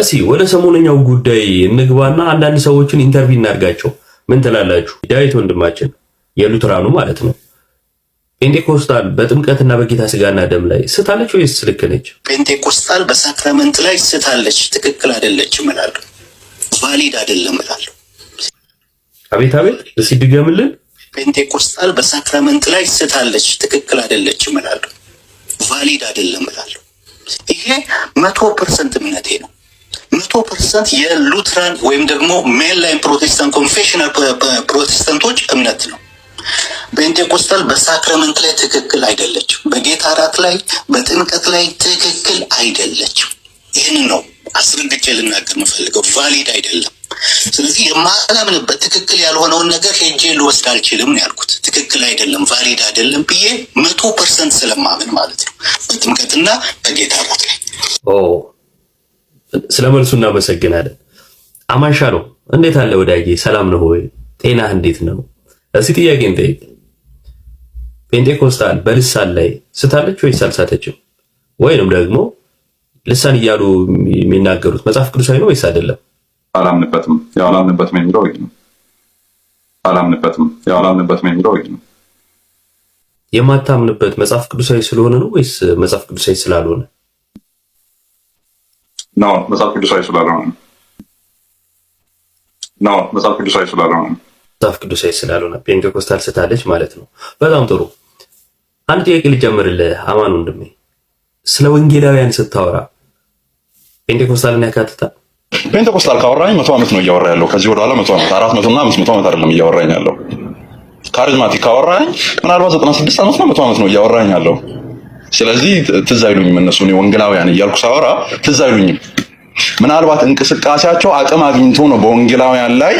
እሺ ወደ ሰሞነኛው ጉዳይ እንግባና አንዳንድ ሰዎችን ኢንተርቪው እናድርጋቸው። ምን ትላላችሁ? ዳዊት ወንድማችን የሉትራኑ ማለት ነው ፔንቴኮስታል በጥምቀትና በጌታ ስጋና ደም ላይ ስታለች ወይስ ልክ ነች? ፔንቴኮስታል በሳክራመንት ላይ ስታለች፣ ትክክል አይደለችም እላለሁ። ቫሊድ አይደለም እላለሁ። አቤት አቤት፣ እስኪ ድገምልን። ፔንቴኮስታል በሳክራመንት ላይ ስታለች፣ ትክክል አይደለችም እላለሁ። ቫሊድ አይደለም እላለሁ። ይሄ መቶ ፐርሰንት እምነቴ ነው። መቶ ፐርሰንት የሉትራን ወይም ደግሞ ሜንላይን ፕሮቴስታንት ኮንፌሽናል ፕሮቴስታንቶች እምነት ነው። ጴንቴኮስታል በሳክረመንት ላይ ትክክል አይደለችም። በጌታ እራት ላይ በጥምቀት ላይ ትክክል አይደለችም። ይህን ነው አስረግጬ ልናገር የምፈልገው፣ ቫሊድ አይደለም። ስለዚህ የማላምንበት ትክክል ያልሆነውን ነገር ሄጄ ልወስድ አልችልም ያልኩት ትክክል አይደለም፣ ቫሊድ አይደለም ብዬ መቶ ፐርሰንት ስለማምን ማለት ነው በጥምቀትና በጌታ እራት ላይ ስለ መልሱ እናመሰግናለን። አማሻ ነው። እንዴት አለ ወዳጄ? ሰላም ነው ወይ? ጤና እንዴት ነው? እስቲ ጥያቄ እንጠይቅ። ፔንቴኮስታል በልሳን ላይ ስታለች ወይስ አልሳተችም? ወይንም ደግሞ ልሳን እያሉ የሚናገሩት መጽሐፍ ቅዱሳዊ ነው ወይስ አይደለም? አላምንበትም። አላምንበትም የሚለው ይሄ ነው። አላምንበትም። አላምንበትም የሚለው ይሄ ነው። የማታምንበት መጽሐፍ ቅዱሳዊ ስለሆነ ነው ወይስ መጽሐፍ ቅዱሳዊ ስላልሆነ ነው መጽሐፍ ቅዱሳዊ ስላልሆነ ነው። መጽሐፍ ቅዱሳዊ ስላልሆነ መጽሐፍ ቅዱሳዊ ስላልሆነ ፔንቴኮስታል ስታለች ማለት ነው። በጣም ጥሩ። አንድ ጥያቄ ልጨምርልህ አማን ወንድሜ፣ ስለ ወንጌላውያን ስታወራ ፔንቴኮስታልን ያካትታል? ፔንቴኮስታል ካወራኝ መቶ ዓመት ነው እያወራ ያለው ከዚህ ወደኋላ መቶ ዓመት አራት መቶ እና አምስት መቶ ዓመት አይደለም እያወራኝ ያለው። ካሪዝማቲክ ካወራኝ ምናልባት ዘጠና ስድስት ዓመት ነው መቶ ዓመት ነው እያወራኝ ያለው ስለዚህ ትዝ አይሉኝም እነሱ ወንጌላውያን እያልኩ ሳወራ ትዝ አይሉኝም። ምናልባት እንቅስቃሴያቸው አቅም አግኝቶ ነው በወንጌላውያን ላይ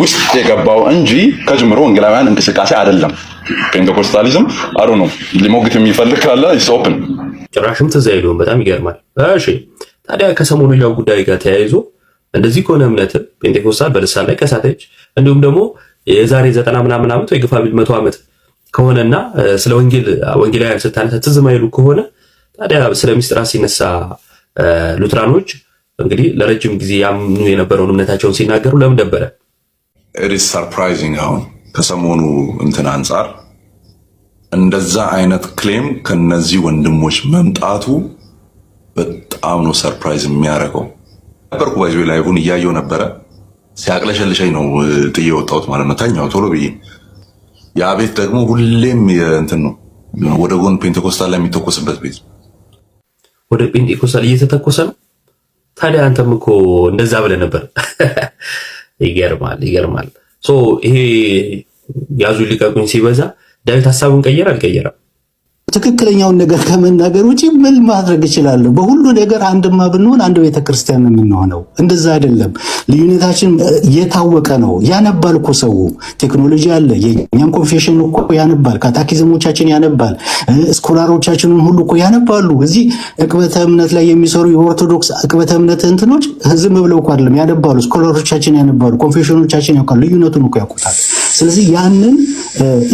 ውስጥ የገባው እንጂ ከጅምሮ ወንጌላውያን እንቅስቃሴ አይደለም። ፔንቴኮስታሊዝም አሩ ነው ሊሞግት የሚፈልግ ካለ ይሶፕን ጭራሽም ትዝ አይሉም። በጣም ይገርማል። እሺ ታዲያ ከሰሞኑ ያው ጉዳይ ጋር ተያይዞ እንደዚህ ከሆነ እምነት ፔንቴኮስታል በልሳን ላይ ከሳተች እንዲሁም ደግሞ የዛሬ ዘጠና ምናምን ዓመት ወይ ግፋ ቢል መቶ ዓመት ከሆነና ስለ ወንጌል ወንጌላውያን ስታነሳ ትዝ ማይሉ ከሆነ ታዲያ ስለ ሚስጥራ ሲነሳ ሉትራኖች እንግዲህ ለረጅም ጊዜ ያምኑ የነበረውን እምነታቸውን ሲናገሩ ለምን ነበረ? ኢትስ ሰርፕራይዚንግ። አሁን ከሰሞኑ እንትን አንጻር እንደዛ አይነት ክሌም ከነዚህ ወንድሞች መምጣቱ በጣም ነው ሰርፕራይዝ የሚያደርገው። ነበርኩ ባይዞ ላይ እያየው ነበረ። ሲያቅለሸልሸኝ ነው ጥዬ ወጣሁት ማለት ነው። ተኛው ቶሎ ብዬ ያ ቤት ደግሞ ሁሌም እንትን ነው ወደ ጎን ፔንቴኮስታል ላይ የሚተኮስበት ቤት ወደ ፔንቴኮስታል እየተተኮሰ ነው። ታዲያ አንተም እኮ እንደዛ ብለህ ነበር። ይገርማል፣ ይገርማል። ሶ ይሄ ያዙ ሊቀቁኝ ሲበዛ ዳዊት ሀሳቡን ቀየር አልቀየረም። ትክክለኛውን ነገር ከመናገር ውጭ ምን ማድረግ እችላለሁ? በሁሉ ነገር አንድማ ብንሆን አንድ ቤተክርስቲያን የምንሆነው እንደዛ አይደለም። ልዩነታችን የታወቀ ነው። ያነባል እኮ ሰው ቴክኖሎጂ አለ። የኛም ኮንፌሽን እኮ ያነባል፣ ካታኪዝሞቻችን ያነባል፣ ስኮላሮቻችንን ሁሉ እኮ ያነባሉ። እዚህ እቅበተ እምነት ላይ የሚሰሩ የኦርቶዶክስ እቅበተ እምነት እንትኖች ዝም ብለው እኮ አይደለም ያነባሉ፣ ስኮላሮቻችን ያነባሉ፣ ኮንፌሽኖቻችን ያውቃሉ፣ ልዩነቱን እኮ ያውቁታል። ስለዚህ ያንን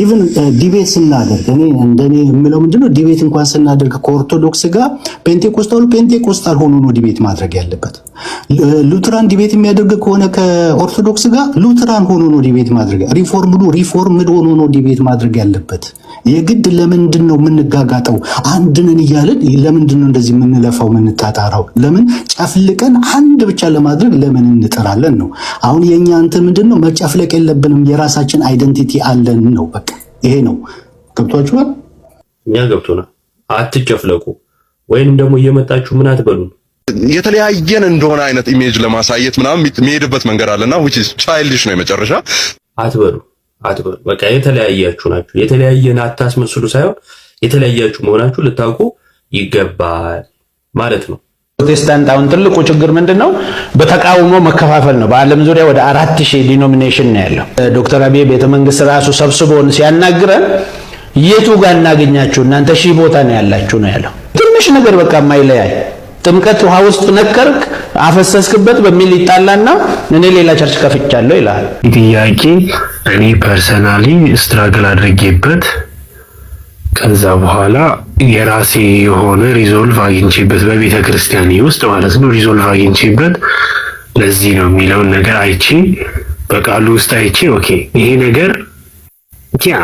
ኢቭን ዲቤት ስናደርግ እኔ እንደኔ የምለው ምንድነው ዲቤት እንኳን ስናደርግ ከኦርቶዶክስ ጋር ፔንቴኮስታሉ ፔንቴኮስታል ሆኖ ነው ዲቤት ማድረግ ያለበት። ሉትራን ዲቤት የሚያደርግ ከሆነ ከኦርቶዶክስ ጋር ሉትራን ሆኖ ነው ዲቤት ማድረግ፣ ሪፎርምዱ ሪፎርምድ ሆኖ ነው ዲቤት ማድረግ ያለበት። የግድ ለምንድን ነው የምንጋጋጠው? አንድንን እያልን ለምንድን ነው እንደዚህ የምንለፋው የምንታጣራው? ለምን ጨፍልቀን አንድ ብቻ ለማድረግ ለምን እንጥራለን ነው። አሁን የእኛ እንትን ምንድን ነው? መጨፍለቅ የለብንም የራሳችን አይደንቲቲ አለን ነው። በቃ ይሄ ነው። ገብቷችኋል? እኛ ገብቶናል። አትጨፍለቁ ወይንም ደግሞ እየመጣችሁ ምን አትበሉን የተለያየን እንደሆነ አይነት ኢሜጅ ለማሳየት ምናምን የሚሄድበት መንገድ አለና ዊች ኢዝ ቻይልዲሽ ነው የመጨረሻ አትበሉ አትበሉ። በቃ የተለያያችሁ ናችሁ። የተለያየን አታስመስሉ ሳይሆን የተለያያችሁ መሆናችሁ ልታውቁ ይገባል ማለት ነው። ፕሮቴስታንት አሁን ትልቁ ችግር ምንድን ነው? በተቃውሞ መከፋፈል ነው። በዓለም ዙሪያ ወደ አራት ሺህ ዲኖሚኔሽን ነው ያለው። ዶክተር አብይ ቤተመንግስት ራሱ ሰብስቦን ሲያናግረን የቱ ጋር እናገኛችሁ እናንተ ሺህ ቦታ ነው ያላችሁ ነው ያለው። ትንሽ ነገር በቃ የማይለያይ ጥምቀት ውሃ ውስጥ ነከርክ አፈሰስክበት በሚል ይጣላና እኔ ሌላ ቸርች ከፍቻለሁ ይላል። ጥያቄ እኔ ፐርሰናሊ ስትራግል አድርጌበት ከዛ በኋላ የራሴ የሆነ ሪዞልቭ አግኝቼበት በቤተ ክርስቲያን ውስጥ ማለት ነው ሪዞልቭ አግኝቼበት ለዚህ ነው የሚለውን ነገር አይቼ በቃሉ ውስጥ አይቼ ኦኬ ይሄ ነገር ያ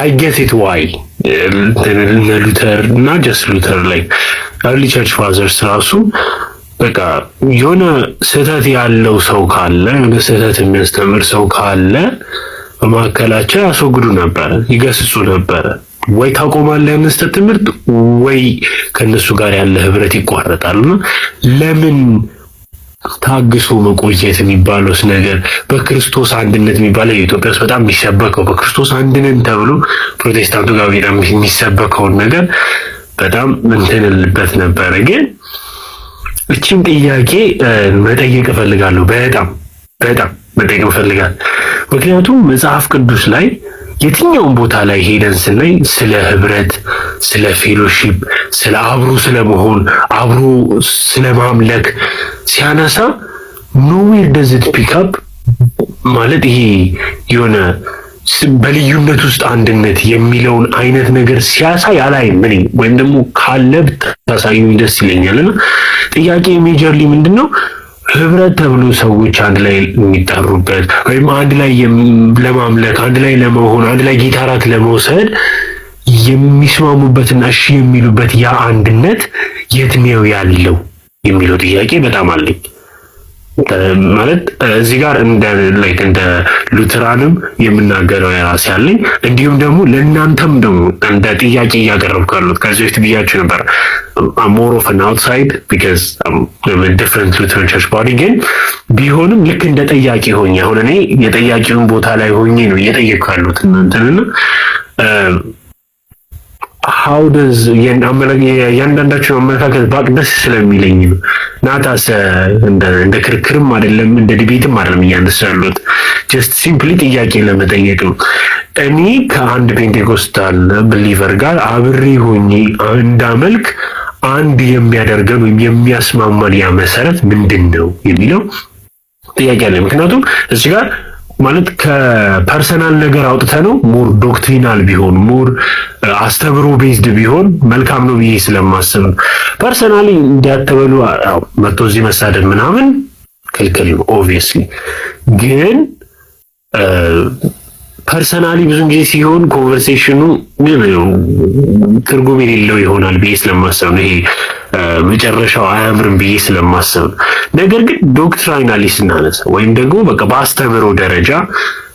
አይ ጌት ኢት ዋይ እነ ሉተር እና ጀስት ሉተር ላይ ኤርሊ ቸርች ፋዘርስ ራሱ በቃ የሆነ ስህተት ያለው ሰው ካለ የሆነ ስህተት የሚያስተምር ሰው ካለ በመካከላቸው ያስወግዱ ነበረ፣ ይገስጹ ነበረ። ወይ ታቆማለህ ያነስተ ትምህርት ወይ ከእነሱ ጋር ያለ ህብረት ይቋረጣል። ይቋረጣልና ለምን ታግሶ መቆየት የሚባለውስ ነገር በክርስቶስ አንድነት የሚባለው የኢትዮጵያ ውስጥ በጣም የሚሰበከው በክርስቶስ አንድነን ተብሎ ፕሮቴስታንቱ ጋር የሚሰበከውን ነገር በጣም እንትን እልበት ነበረ። ግን እችን ጥያቄ መጠየቅ እፈልጋለሁ። በጣም በጣም መጠየቅ እፈልጋለሁ። ምክንያቱም መጽሐፍ ቅዱስ ላይ የትኛውን ቦታ ላይ ሄደን ስናይ ስለ ህብረት፣ ስለ ፌሎሺፕ፣ ስለ አብሮ ስለመሆን፣ አብሮ ስለማምለክ ሲያነሳ ኖዌር ደዝት ፒካፕ ማለት ይሄ የሆነ በልዩነት ውስጥ አንድነት የሚለውን አይነት ነገር ሲያሳይ አላይ ምን ወይም ደግሞ ካለ ብታሳዩኝ ደስ ይለኛል። እና ጥያቄ ሜጀርሊ ምንድን ነው ህብረት ተብሎ ሰዎች አንድ ላይ የሚጠሩበት ወይም አንድ ላይ ለማምለክ አንድ ላይ ለመሆን አንድ ላይ ጊታራት ለመውሰድ የሚስማሙበትና እሺ የሚሉበት ያ አንድነት የት ነው ያለው የሚለው ጥያቄ በጣም አለኝ። ማለት እዚህ ጋር እንደ ላይክ እንደ ሉትራንም የምናገረው የራስ ያለኝ እንዲሁም ደግሞ ለእናንተም ደግሞ እንደ ጥያቄ እያቀረብኩ ያሉት ከዚህ በፊት ብያችሁ ነበር። ሞር ኦፍ አን አውትሳይድ ቢካዝ ዲፍረንት ሉትራን ቸርች ባዲ ግን ቢሆንም ልክ እንደ ጠያቂ ሆኜ አሁን እኔ የጠያቂውን ቦታ ላይ ሆኜ ነው እየጠየቅኩ ያሉት እናንተንና ሀው ደዝ እያንዳንዳቸው አመለካከት ባቅ ደስ ስለሚለኝ ነው። ናታሰ እንደ ክርክርም አይደለም እንደ ዲቤትም አይደለም እያነሱ ያሉት ጀስት ሲምፕሊ ጥያቄ ለመጠየቅ ነው። እኔ ከአንድ ፔንቴኮስታል ብሊቨር ጋር አብሬ ሆኜ እንዳመልክ አንድ የሚያደርገን ወይም የሚያስማማን ያ መሰረት ምንድን ነው የሚለው ጥያቄ አለ። ምክንያቱም እዚህ ጋር ማለት ከፐርሰናል ነገር አውጥተ ነው ሞር ዶክትሪናል ቢሆን ሞር አስተብሮ ቤዝድ ቢሆን መልካም ነው ብዬ ስለማስብ ነው። ፐርሰናሊ እንዲያተበሉ መቶ እዚህ መሳደድ ምናምን ክልክል ነው ኦብቪየስሊ። ግን ፐርሰናሊ ብዙን ጊዜ ሲሆን ኮንቨርሴሽኑ ትርጉም የሌለው ይሆናል ብዬ ስለማስብ ነው ይሄ መጨረሻው አያምርም ብዬ ስለማሰብ ነገር ግን ዶክትራይናሊ ስናነሳ ወይም ደግሞ በቃ በአስተምሮ ደረጃ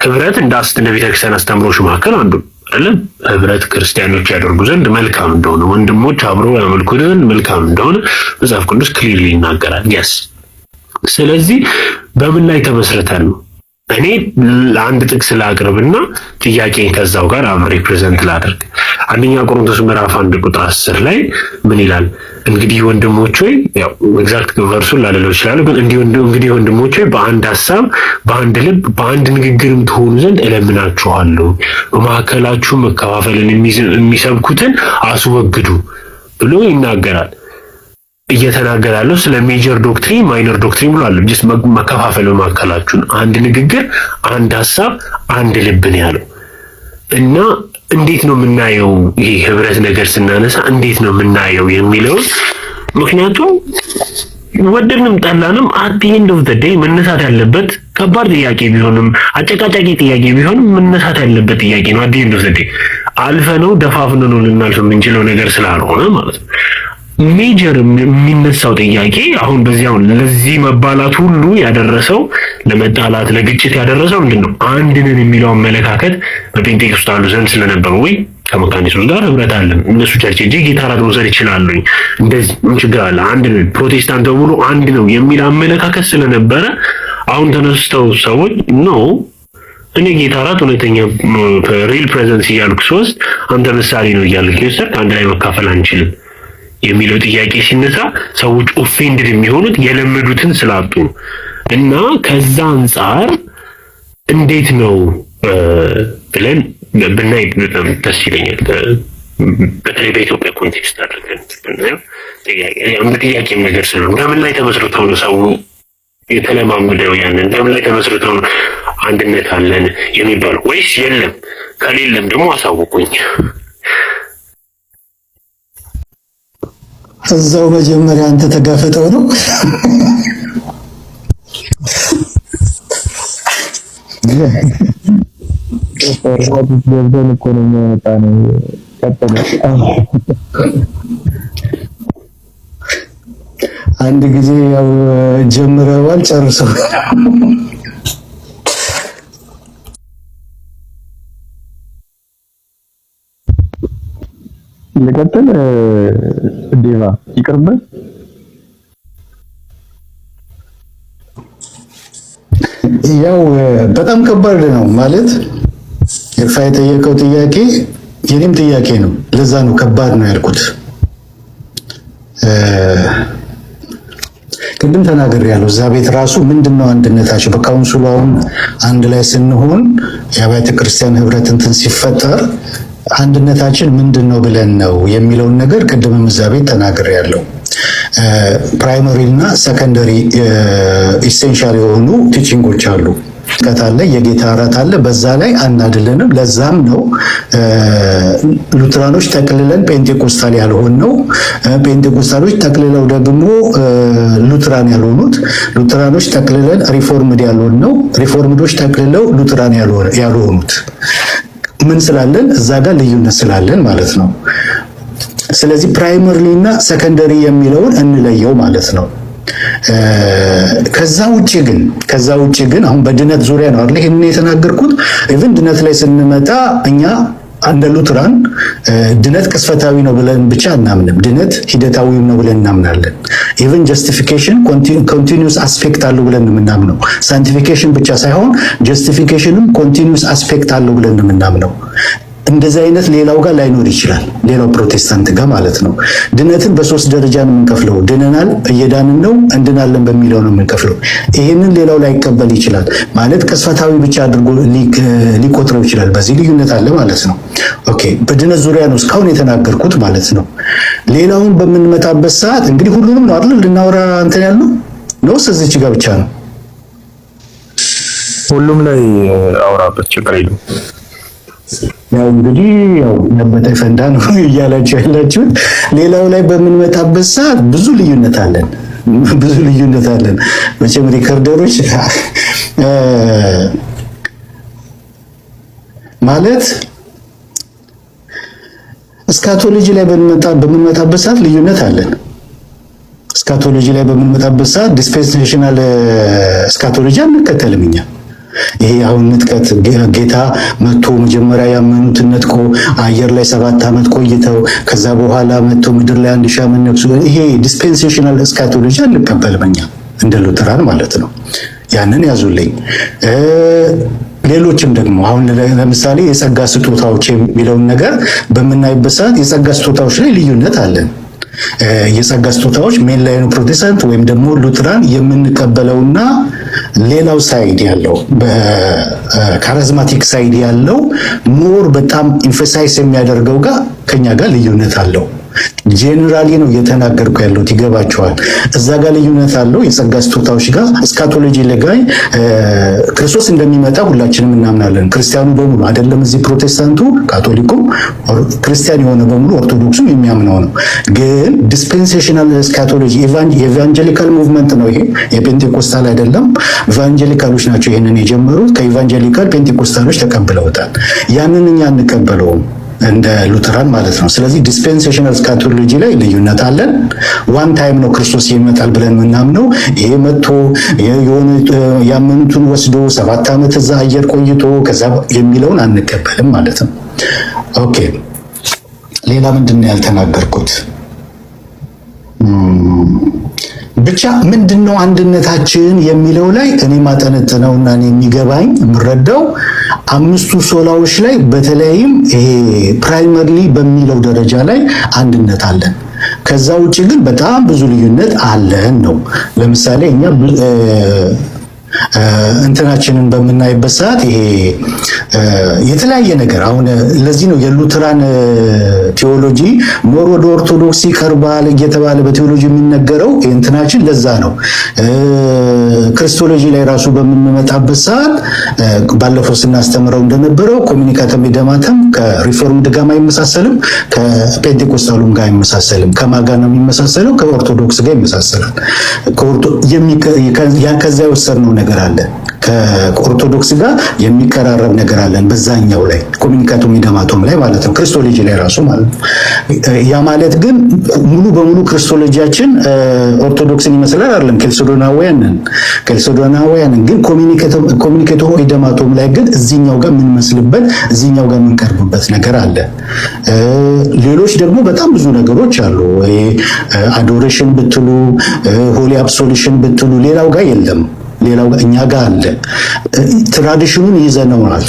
ህብረት እንደ ቤተክርስቲያን አስተምሮች መካከል አንዱ አይደለም። ህብረት ክርስቲያኖች ያደርጉ ዘንድ መልካም እንደሆነ፣ ወንድሞች አብሮ ያመልኩ ዘንድ መልካም እንደሆነ መጽሐፍ ቅዱስ ክሊርሊ ይናገራል። ያስ ስለዚህ በምን ላይ ተመስረተ ነው? እኔ ለአንድ ጥቅስ ላቅርብ እና ጥያቄን ከዛው ጋር አብሬ ፕሬዘንት ላድርግ። አንደኛ ቆሮንቶስ ምዕራፍ አንድ ቁጥር አስር ላይ ምን ይላል? እንግዲህ ወንድሞች ወይ ያው ኤግዛክት ቨርሱን ላደለው ይችላሉ፣ ግን እንግዲህ ወንድሞች ወይ በአንድ ሀሳብ፣ በአንድ ልብ፣ በአንድ ንግግርም ትሆኑ ዘንድ እለምናችኋለሁ፣ በመካከላችሁ መከፋፈልን የሚሰብኩትን አስወግዱ ብሎ ይናገራል። እየተናገረ ያለው ስለ ሜጀር ዶክትሪን ማይነር ዶክትሪን ብሏል። ስ መከፋፈል መካከላችሁን አንድ ንግግር፣ አንድ ሀሳብ፣ አንድ ልብ ነው ያለው እና እንዴት ነው የምናየው ይሄ ህብረት ነገር ስናነሳ እንዴት ነው የምናየው የሚለውን ምክንያቱም ወደድንም ጠላንም አት ኤንድ ኦፍ ዘ ዴይ መነሳት ያለበት ከባድ ጥያቄ ቢሆንም አጨቃጫቂ ጥያቄ ቢሆንም መነሳት ያለበት ጥያቄ ነው። አት ኤንድ ኦፍ ዘ ዴይ አልፈ ነው ደፋፍነ ነው ልናልፍ የምንችለው ነገር ስላልሆነ ማለት ነው። ሜጀር የሚነሳው ጥያቄ አሁን በዚህ አሁን ለዚህ መባላት ሁሉ ያደረሰው ለመጣላት ለግጭት ያደረሰው ምንድን ነው? አንድንን የሚለው አመለካከት አሉ ዘንድ ስለነበሩ ወይ ከመካኒሱስ ጋር ህብረት አለን እነሱ ቸርች እንጂ ጌታ ራት መውሰድ ይችላሉ። እንደዚህ ችግር አለ አንድ ፕሮቴስታንት በሙሉ አንድ ነው የሚል አመለካከት ስለነበረ አሁን ተነስተው ሰዎች ነው እኔ ጌታ አራት እውነተኛ ሪል ፕሬዘንስ እያልኩ ሶስት አንተ ምሳሌ ነው እያልክ ወሰድክ አንድ ላይ መካፈል አንችልም የሚለው ጥያቄ ሲነሳ ሰዎች ኦፌንድድ የሚሆኑት የለመዱትን ስላጡ እና ከዛ አንጻር እንዴት ነው ብለን ብናይ በጣም ደስ ይለኛል። በተለይ በኢትዮጵያ ኮንቴክስት አድርገን ብናየው ጥያቄም ነገር ስለ በምን ላይ ተመስርተው ነው ሰው የተለማመደው ያንን በምን ላይ ተመስርተው አንድነት አለን የሚባለው ወይስ የለም? ከሌለም ደግሞ አሳውቁኝ። እዛው መጀመሪያ አንተ ተጋፈጠው ነው። አንድ ጊዜ ያው ጀምረዋል ጨርሰው ልቀጥል ዴቫ ይቅርብ። ያው በጣም ከባድ ነው ማለት ኤርፋ የጠየቀው ጥያቄ የኔም ጥያቄ ነው። ለዛ ነው ከባድ ነው ያልኩት። ቅድም ተናገር ያለው እዛ ቤት ራሱ ምንድን ነው አንድነታቸው በካውንስሉ አሁን አንድ ላይ ስንሆን የአብያተ ክርስቲያን ህብረት እንትን ሲፈጠር አንድነታችን ምንድን ነው ብለን ነው የሚለውን ነገር ቅድም ምዛቤ ተናግር ያለው ፕራይመሪ እና ሰከንደሪ ኢሴንሻል የሆኑ ቲችንጎች አሉ። ቀት አለ፣ የጌታ እራት አለ። በዛ ላይ አናድለንም። ለዛም ነው ሉትራኖች ተቅልለን ጴንቴኮስታል ያልሆን ነው፣ ጴንቴኮስታሎች ተቅልለው ደግሞ ሉትራን ያልሆኑት፣ ሉትራኖች ተቅልለን ሪፎርምድ ያልሆን ነው፣ ሪፎርምዶች ተቅልለው ሉትራን ያልሆኑት ምን ስላለን እዛ ጋር ልዩነት ስላለን ማለት ነው። ስለዚህ ፕራይመሪ እና ሰከንደሪ የሚለውን እንለየው ማለት ነው። ከዛ ውጭ ግን ከዛ ውጭ ግን አሁን በድነት ዙሪያ ነው አይደል ይሄን የተናገርኩት። ኢቭን ድነት ላይ ስንመጣ እኛ እንደ ሉትራን ድነት ቅስፈታዊ ነው ብለን ብቻ እናምንም። ድነት ሂደታዊ ነው ብለን እናምናለን። ኢቨን ጀስቲፊኬሽን ኮንቲኒስ አስፔክት አለው ብለን የምናምነው። ሳንቲፊኬሽን ብቻ ሳይሆን ጀስቲፊኬሽንም ኮንቲኒስ አስፔክት አለው ብለን የምናምነው። እንደዚህ አይነት ሌላው ጋር ላይኖር ይችላል። ሌላው ፕሮቴስታንት ጋር ማለት ነው። ድነትን በሶስት ደረጃ ነው የምንከፍለው። ድነናል፣ እየዳንን ነው፣ እንድናለን በሚለው ነው የምንከፍለው። ይህንን ሌላው ላይቀበል ይችላል ማለት ቅስፈታዊ ብቻ አድርጎ ሊቆጥረው ይችላል። በዚህ ልዩነት አለ ማለት ነው። ኦኬ፣ በድነት ዙሪያ ነው እስካሁን የተናገርኩት ማለት ነው። ሌላውን በምንመጣበት ሰዓት እንግዲህ ሁሉንም ነው አይደል ልናወራ እንትን ያልነው ነው። እዚች ጋር ብቻ ነው ሁሉም ላይ አውራበት ችግር የለም። ያው እንግዲህ ያው ያበጠ ነው እያላችሁ ያላችሁት። ሌላው ላይ በምንመጣበት ሰዓት ብዙ ልዩነት አለን፣ ብዙ ልዩነት አለን። መቼም ሪከርደሮች ማለት እስካቶሎጂ ላይ በምንመጣበት ሰዓት ልዩነት አለን። እስካቶሎጂ ላይ በምንመጣበት ሰዓት ዲስፔንሴሽናል እስካቶሎጂ አንከተልም እኛ ይሄ አሁን ንጥቀት ጌታ መጥቶ መጀመሪያ ያመኑትን ነጥቆ አየር ላይ ሰባት ዓመት ቆይተው ከዛ በኋላ መጥቶ ምድር ላይ አንድ ሺህ ዓመት ነግሶ ይሄ ዲስፔንሴሽናል እስካቶሎጂ አንቀበልም እኛ እንደ ሉትራን ማለት ነው። ያንን ያዙልኝ። ሌሎችም ደግሞ አሁን ለምሳሌ የጸጋ ስጦታዎች የሚለውን ነገር በምናይበት ሰዓት የጸጋ ስጦታዎች ላይ ልዩነት አለን። የጸጋ ስጦታዎች ሜን ላይኑ ፕሮቴስታንት ወይም ደግሞ ሉትራን የምንቀበለውና ሌላው ሳይድ ያለው በካሪዝማቲክ ሳይድ ያለው ሞር በጣም ኢንፈሳይስ የሚያደርገው ጋር ከኛ ጋር ልዩነት አለው። ጄኔራሊ ነው እየተናገርኩ ያለሁት ይገባቸዋል። እዛ ጋር ልዩነት አለው። የጸጋ ስጦታዎች ጋር እስካቶሎጂ ላይ ክርስቶስ እንደሚመጣ ሁላችንም እናምናለን። ክርስቲያኑ በሙሉ አይደለም እዚህ ፕሮቴስታንቱ፣ ካቶሊኩ ክርስቲያን የሆነ በሙሉ ኦርቶዶክሱም የሚያምነው ነው። ግን ዲስፔንሴሽናል ስካቶሎጂ ኤቫንጀሊካል ሙቭመንት ነው ይሄ። የፔንቴኮስታል አይደለም። ኢቫንጀሊካሎች ናቸው ይህንን የጀመሩት። ከኢቫንጀሊካል ፔንቴኮስታሎች ተቀብለውታል። ያንን እኛ አንቀበለውም። እንደ ሉተራን ማለት ነው። ስለዚህ ዲስፔንሴሽናል ስካቶሎጂ ላይ ልዩነት አለን። ዋን ታይም ነው ክርስቶስ ይመጣል ብለን የምናምነው። ይሄ መጥቶ የሆነ ያመኑትን ወስዶ ሰባት ዓመት እዛ አየር ቆይቶ ከዛ የሚለውን አንቀበልም ማለት ነው። ኦኬ ሌላ ምንድን ነው ያልተናገርኩት? ብቻ ምንድነው ነው አንድነታችን የሚለው ላይ እኔ ማጠነጥነውና የሚገባኝ የምረዳው አምስቱ ሶላዎች ላይ በተለይም ይሄ ፕራይመሪሊ በሚለው ደረጃ ላይ አንድነት አለን። ከዛ ውጭ ግን በጣም ብዙ ልዩነት አለን ነው። ለምሳሌ እኛ እንትናችንን በምናይበት ሰዓት ይሄ የተለያየ ነገር አሁን ለዚህ ነው የሉትራን ቴዎሎጂ ሞር ወደ ኦርቶዶክስ ይቀርባል እየተባለ በቴዎሎጂ የሚነገረው እንትናችን ለዛ ነው። ክርስቶሎጂ ላይ ራሱ በምንመጣበት ሰዓት ባለፈው ስናስተምረው እንደነበረው ኮሚኒካተም ደማተም ከሪፎርምድ ጋር አይመሳሰልም፣ ከጴንቴኮስታሉም ጋር አይመሳሰልም። ከማጋ ነው የሚመሳሰለው? ከኦርቶዶክስ ጋር ይመሳሰላል። ከዛ የወሰድነው ነገር ነገር አለ ከኦርቶዶክስ ጋር የሚቀራረብ ነገር አለን። በዛኛው ላይ ኮሚኒካቱ ሚደማቶም ላይ ማለት ነው ክርስቶሎጂ ላይ ራሱ ማለት ነው። ያ ማለት ግን ሙሉ በሙሉ ክርስቶሎጂያችን ኦርቶዶክስን ይመስላል አይደለም። ኬልሶዶናውያንን ኬልሶዶናውያንን ግን ኮሚኒኬቶ ኢደማቶም ላይ ግን እዚኛው ጋር የምንመስልበት እዚኛው ጋር የምንቀርብበት ነገር አለ። ሌሎች ደግሞ በጣም ብዙ ነገሮች አሉ። አዶሬሽን ብትሉ ሆሊ አብሶሉሽን ብትሉ ሌላው ጋር የለም። ሌላው እኛ ጋር አለ። ትራዲሽኑን ይዘነዋል።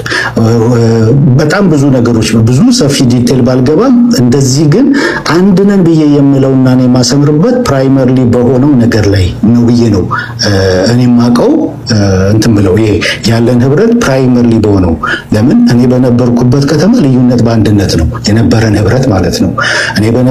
በጣም ብዙ ነገሮች ብዙ ሰፊ ዲቴል ባልገባም፣ እንደዚህ ግን አንድ ነን ብዬ የምለውና የማሰምርበት ፕራይመሪሊ በሆነው ነገር ላይ ነው ብዬ ነው እኔ የማውቀው። እንትን ብለው ይሄ ያለን ህብረት ፕራይመርሊ በሆነው ለምን እኔ በነበርኩበት ከተማ ልዩነት በአንድነት ነው የነበረን ህብረት ማለት ነው እኔ